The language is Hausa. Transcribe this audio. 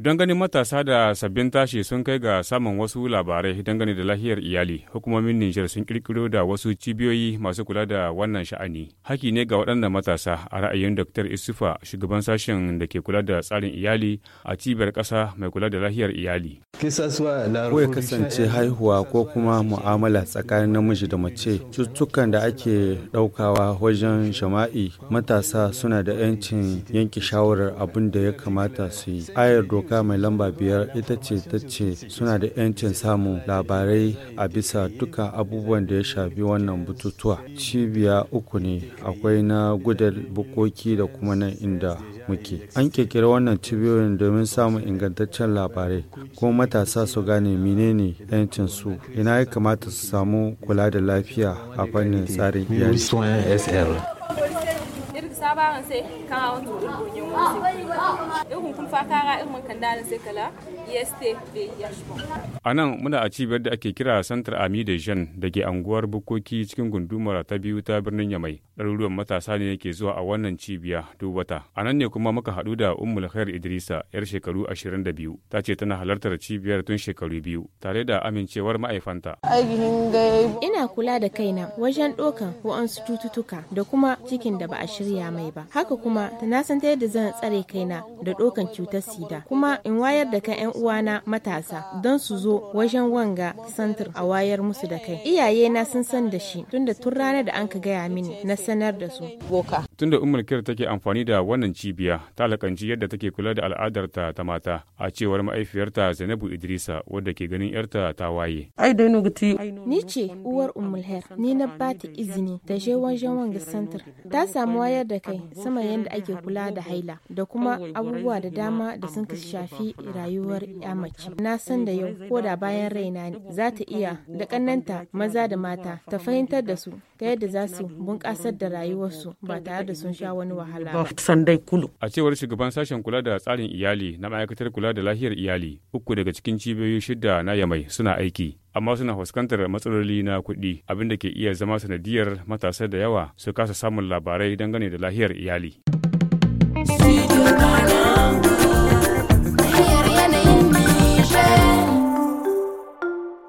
Don ganin matasa da sabbin tashi sun kai ga samun wasu labarai dangane da lahiyar iyali, hukumomin Nijar sun kirkiro da wasu cibiyoyi masu kula da wannan sha'ani. Haki ne ga waɗannan matasa a ra'ayin Dr. Isufa, shugaban sashen da ke kula da tsarin iyali a cibiyar ƙasa mai kula da lahiyar iyali. Kawai kasance haihuwa ko kuma mu'amala tsakanin namiji da mace, cututtukan da ake ɗaukawa wajen jama'i matasa suna da 'yancin yanke shawarar abin da ya kamata su yi. Ayar doka mai lamba biyar ita ce ta ce suna da 'yancin samun labarai a bisa duka abubuwan da ya shafi wannan bututuwa. Cibiya uku ne akwai na gudar bukoki da kuma nan inda muke. An kekere wannan cibiyoyin domin samun ingantaccen labarai kuma matasa su gane menene 'yancin su ina ya kamata su samu kula da lafiya a fannin tsarin iyali. Ihun kun sai kala yeste be A nan muna a cibiyar da ake kira Santar Ami da Jean da ke anguwar bukoki cikin gundumar ta biyu ta birnin Yamai. Ɗaruruwan matasa ne yake zuwa a wannan cibiya duk wata. A nan ne kuma muka haɗu da Ummul Khair Idrisa yar shekaru ashirin da biyu ta ce tana halartar cibiyar tun shekaru biyu tare da amincewar ma'aifanta. Ina kula da kaina wajen ɗokan wa'ansu cututtuka da kuma cikin da ba a shirya mai ba. Haka kuma na san ta yadda zan tsare kaina da ɗaukan cutar sida kuma in wayar da kan 'yan uwana matasa don su zo wajen wanga santir a wayar musu da kai iyaye na sun san da shi tunda tun ranar da an ka gaya mini na sanar da su boka Tunda Ummul Kir take amfani da wannan cibiya, ta alƙanci yadda take kula da al'adarta ta mata, a cewar mahaifiyarta Zainabu Idrisa wadda ke ganin yarta ta waye. Ni ce uwar Ummul ni na ba ta izini ta je wajen wanga santar. Ta samu wayar da kai sama yadda ake kula da haila da kuma abubuwa da dama da sun shafi rayuwar ya mace. Na san da yau ko da bayan raina ne za ta iya da kannanta maza da mata ta fahimtar da su ta yadda za su bunƙasar da rayuwarsu ba tare da da sun sha wani wahala. A cewar shugaban sashen kula da tsarin iyali na ma'aikatar kula da lahiyar iyali, uku daga cikin cibiyoyi shida na Yamai suna aiki. amma suna fuskantar matsaloli na kuɗi abin da ke iya zama sanadiyar matasa da yawa su kasa samun labarai dangane da lahiyar iyali.